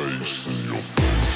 face in your face